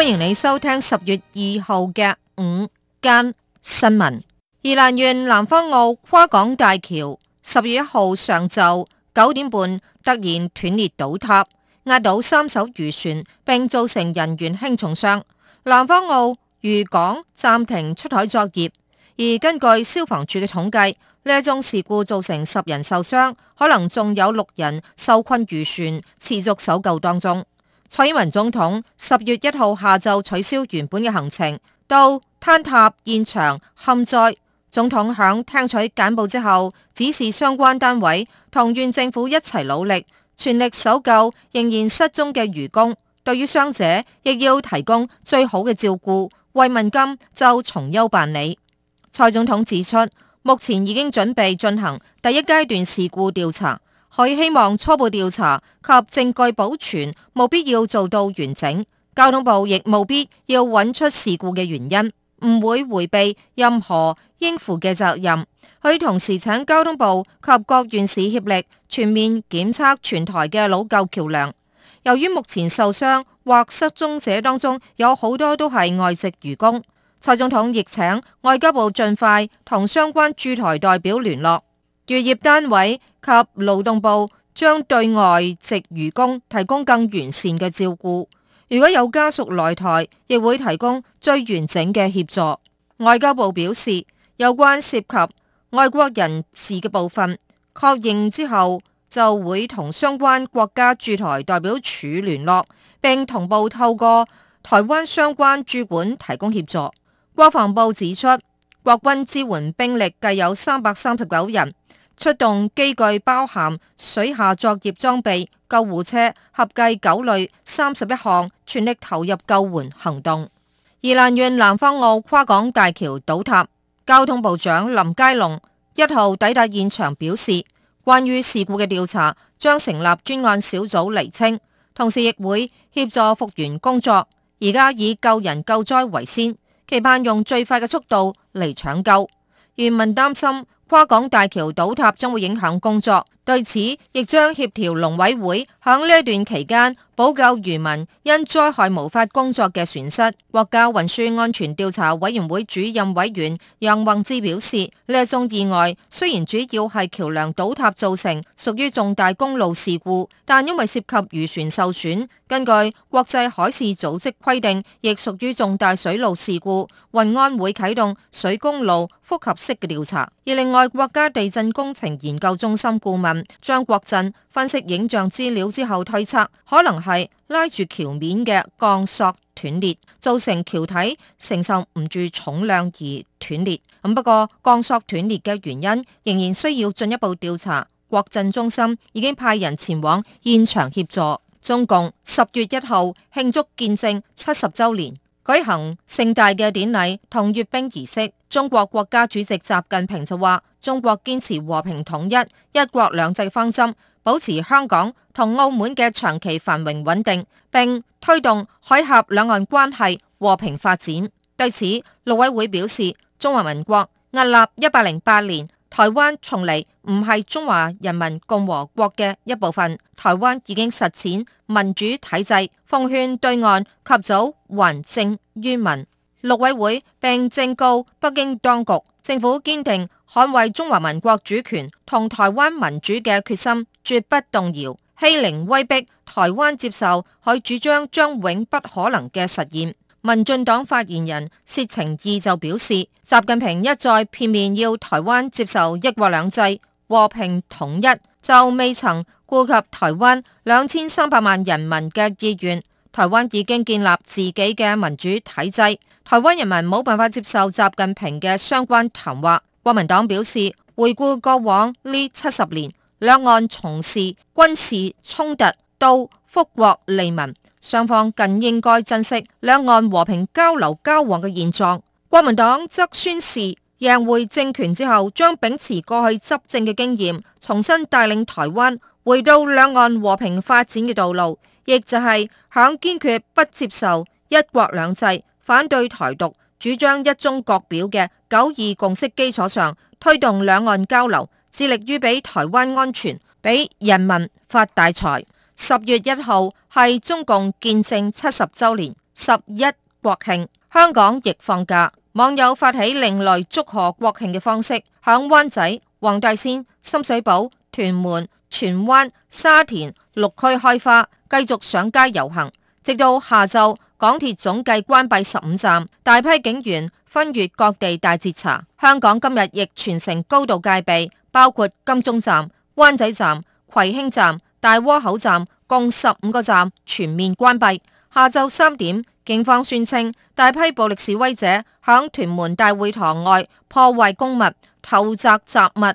歡迎你收聽十月二號嘅午間新聞。宜蘭縣南方澳跨港大橋十月一號上晝九點半突然斷裂倒塌，壓倒三艘漁船，並造成人員輕重傷。南方澳漁港暫停出海作業。而根據消防處嘅統計，呢宗事故造成十人受傷，可能仲有六人受困漁船，持續搜救當中。蔡英文總統十月一號下晝取消原本嘅行程，到坍塌現場勘災。總統響聽取簡報之後，指示相關單位同縣政府一齊努力，全力搜救仍然失蹤嘅漁工。對於傷者，亦要提供最好嘅照顧，慰問金就從優辦理。蔡總統指出，目前已經準備進行第一階段事故調查。佢希望初步調查及證據保存務必要做到完整，交通部亦務必要揾出事故嘅原因，唔會回避任何應負嘅責任。佢同時請交通部及各縣市協力全面檢測全台嘅老舊橋梁。由於目前受傷或失蹤者當中有好多都係外籍漁工，蔡總統亦請外交部盡快同相關駐台代表聯絡。漁業單位及勞動部將對外籍漁工提供更完善嘅照顧。如果有家屬來台，亦會提供最完整嘅協助。外交部表示，有關涉及外國人士嘅部分，確認之後就會同相關國家駐台代表處聯絡，並同步透過台灣相關駐館提供協助。國防部指出，國軍支援兵力計有三百三十九人。出動機具包含水下作業裝備、救護車，合計九類三十一項，全力投入救援行動。宜蘭縣南方澳跨港大橋倒塌，交通部長林佳龍一號抵達現場，表示關於事故嘅調查將成立專案小組厘清，同時亦會協助復原工作。而家以救人救災為先，期盼用最快嘅速度嚟搶救。漁民擔心。跨港大橋倒塌將會影響工作，對此亦將協調農委會響呢段期間補救漁民因災害無法工作嘅損失。國家運輸安全調查委員會主任委員楊宏志表示，呢宗意外雖然主要係橋樑倒塌造成，屬於重大公路事故，但因為涉及漁船受損，根據國際海事組織規定，亦屬於重大水路事故，運安會啟動水公路複合式嘅調查。而另外，國家地震工程研究中心顧問張國振分析影像資料之後，推測可能係拉住橋面嘅鋼索斷裂，造成橋體承受唔住重量而斷裂。不過，鋼索斷裂嘅原因仍然需要進一步調查。國震中心已經派人前往現場協助。中共十月一號慶祝建政七十周年，舉行盛大嘅典禮同閱兵儀式，中國國家主席習近平就話：中國堅持和平統一、一國兩制方針，保持香港同澳門嘅長期繁榮穩定，並推動海峽兩岸關係和平發展。對此，陸委會表示：中華民國屹立一百零八年。台灣從來唔係中華人民共和國嘅一部分。台灣已經實踐民主體制，奉勸對岸及早還政於民。陸委會並正告北京當局，政府堅定捍衛中華民國主權同台灣民主嘅決心絕不動搖。欺凌威逼台灣接受，佢主張將永不可能嘅實驗。民進黨發言人薛呈懿就表示，習近平一再片面要台灣接受一國兩制、和平統一，就未曾顧及台灣兩千三百萬人民嘅意願。台灣已經建立自己嘅民主體制，台灣人民冇辦法接受習近平嘅相關談話。國民黨表示，回顧過往呢七十年，兩岸從事軍事衝突都福國利民。雙方更應該珍惜兩岸和平交流交往嘅現狀。國民黨則宣示，贏回政權之後，將秉持過去執政嘅經驗，重新帶領台灣回到兩岸和平發展嘅道路，亦就係響堅決不接受一國兩制、反對台獨、主張一中各表嘅九二共識基礎上，推動兩岸交流，致力於俾台灣安全，俾人民發大財。十月一號係中共建政七十周年十一國慶，香港亦放假。網友發起另類祝賀國慶嘅方式，響灣仔、黃大仙、深水埗、屯門、荃灣、沙田六區開花，繼續上街遊行，直到下晝。港鐵總計關閉十五站，大批警員分越各地大截查。香港今日亦全城高度戒備，包括金鐘站、灣仔站、葵興站。大窩口站共十五個站全面關閉。下晝三點，警方宣稱大批暴力示威者響屯門大會堂外破壞公物、投擲雜物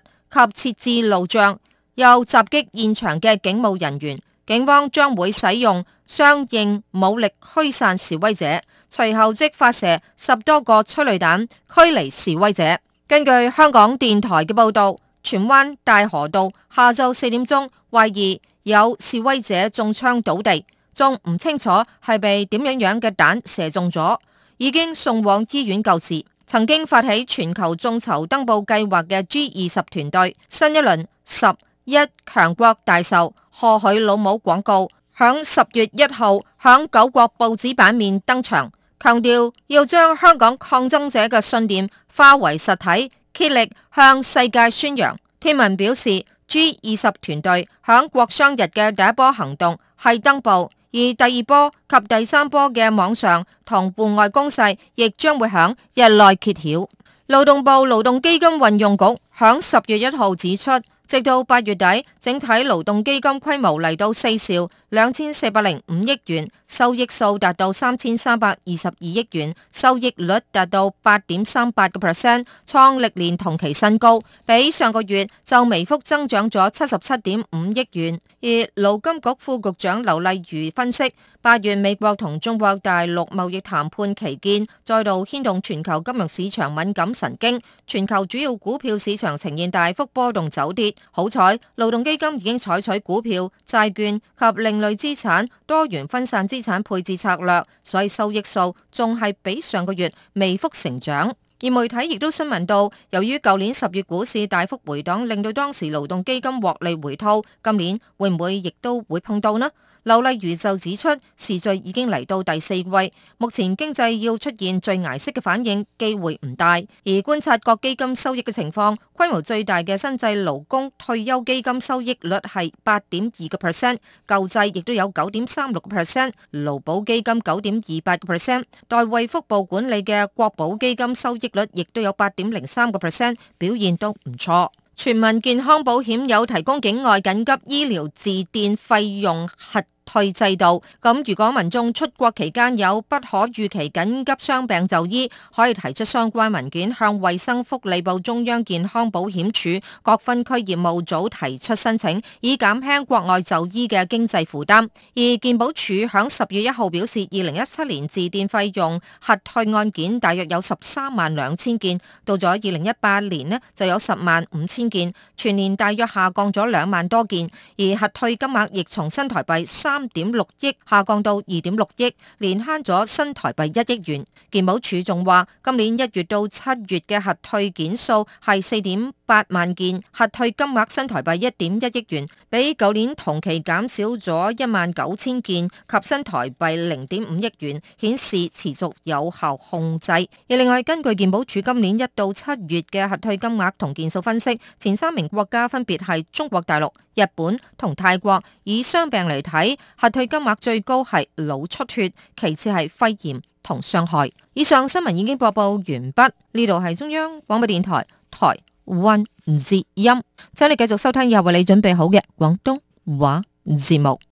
及設置路障，又襲擊現場嘅警務人員。警方將會使用相應武力驅散示威者，隨後即發射十多個催淚彈驅離示威者。根據香港電台嘅報道，荃灣大河道下晝四點鐘懷疑。有示威者中槍倒地，仲唔清楚係被點樣樣嘅彈射中咗，已經送往醫院救治。曾經發起全球眾籌登報計劃嘅 G 二十團隊，新一輪十一強國大壽賀許老母廣告，響十月一號響九國報紙版面登場，強調要將香港抗爭者嘅信念化為實體，竭力向世界宣揚。天文表示。G 二十團隊響國商日嘅第一波行動係登報，而第二波及第三波嘅網上同戶外攻勢亦將會響日內揭曉。勞動部勞動基金運用局響十月一號指出。直到八月底，整體勞動基金規模嚟到四兆兩千四百零五億元，收益數達到三千三百二十二億元，收益率達到八點三八個 percent，創歷年同期新高，比上個月就微幅增長咗七十七點五億元。而勞金局副局長劉麗如分析。八月美國同中國大陸貿易談判期間，再度牽動全球金融市場敏感神經，全球主要股票市場呈現大幅波動走跌。好彩，勞動基金已經採取股票、債券及另類資產多元分散資產配置策略，所以收益數仲係比上個月微幅成長。而媒體亦都詢問到，由於舊年十月股市大幅回檔，令到當時勞動基金獲利回吐，今年會唔會亦都會碰到呢？劉麗如就指出，時序已經嚟到第四季。目前經濟要出現最危式嘅反應機會唔大。而觀察各基金收益嘅情況，規模最大嘅新制勞工退休基金收益率係八點二個 percent，舊制亦都有九點三六個 percent，勞保基金九點二八個 percent，代為福報管理嘅國保基金收益率亦都有八點零三個 percent，表現都唔錯。全民健康保險有提供境外緊急醫療自墊費用核。退制度咁，如果民眾出國期間有不可預期緊急傷病、就醫，可以提出相關文件向衛生福利部中央健康保險署各分區業務組提出申請，以減輕國外就醫嘅經濟負擔。而健保署響十月一號表示，二零一七年自墊費用核退案件大約有十三萬兩千件，到咗二零一八年呢，就有十萬五千件，全年大約下降咗兩萬多件，而核退金額亦重新台幣三三點六億下降到二點六億，連慳咗新台幣一億元。健保署仲話，今年一月到七月嘅核退件數係四點八萬件，核退金額新台幣一點一億元，比舊年同期減少咗一萬九千件及新台幣零點五億元，顯示持續有效控制。而另外，根據健保署今年一到七月嘅核退金額同件數分析，前三名國家分別係中國大陸、日本同泰國。以傷病嚟睇，核退金額最高係腦出血，其次係肺炎同傷害。以上新聞已經播報完畢，呢度係中央廣播電台台灣之音，請你繼續收聽以下為你準備好嘅廣東話節目。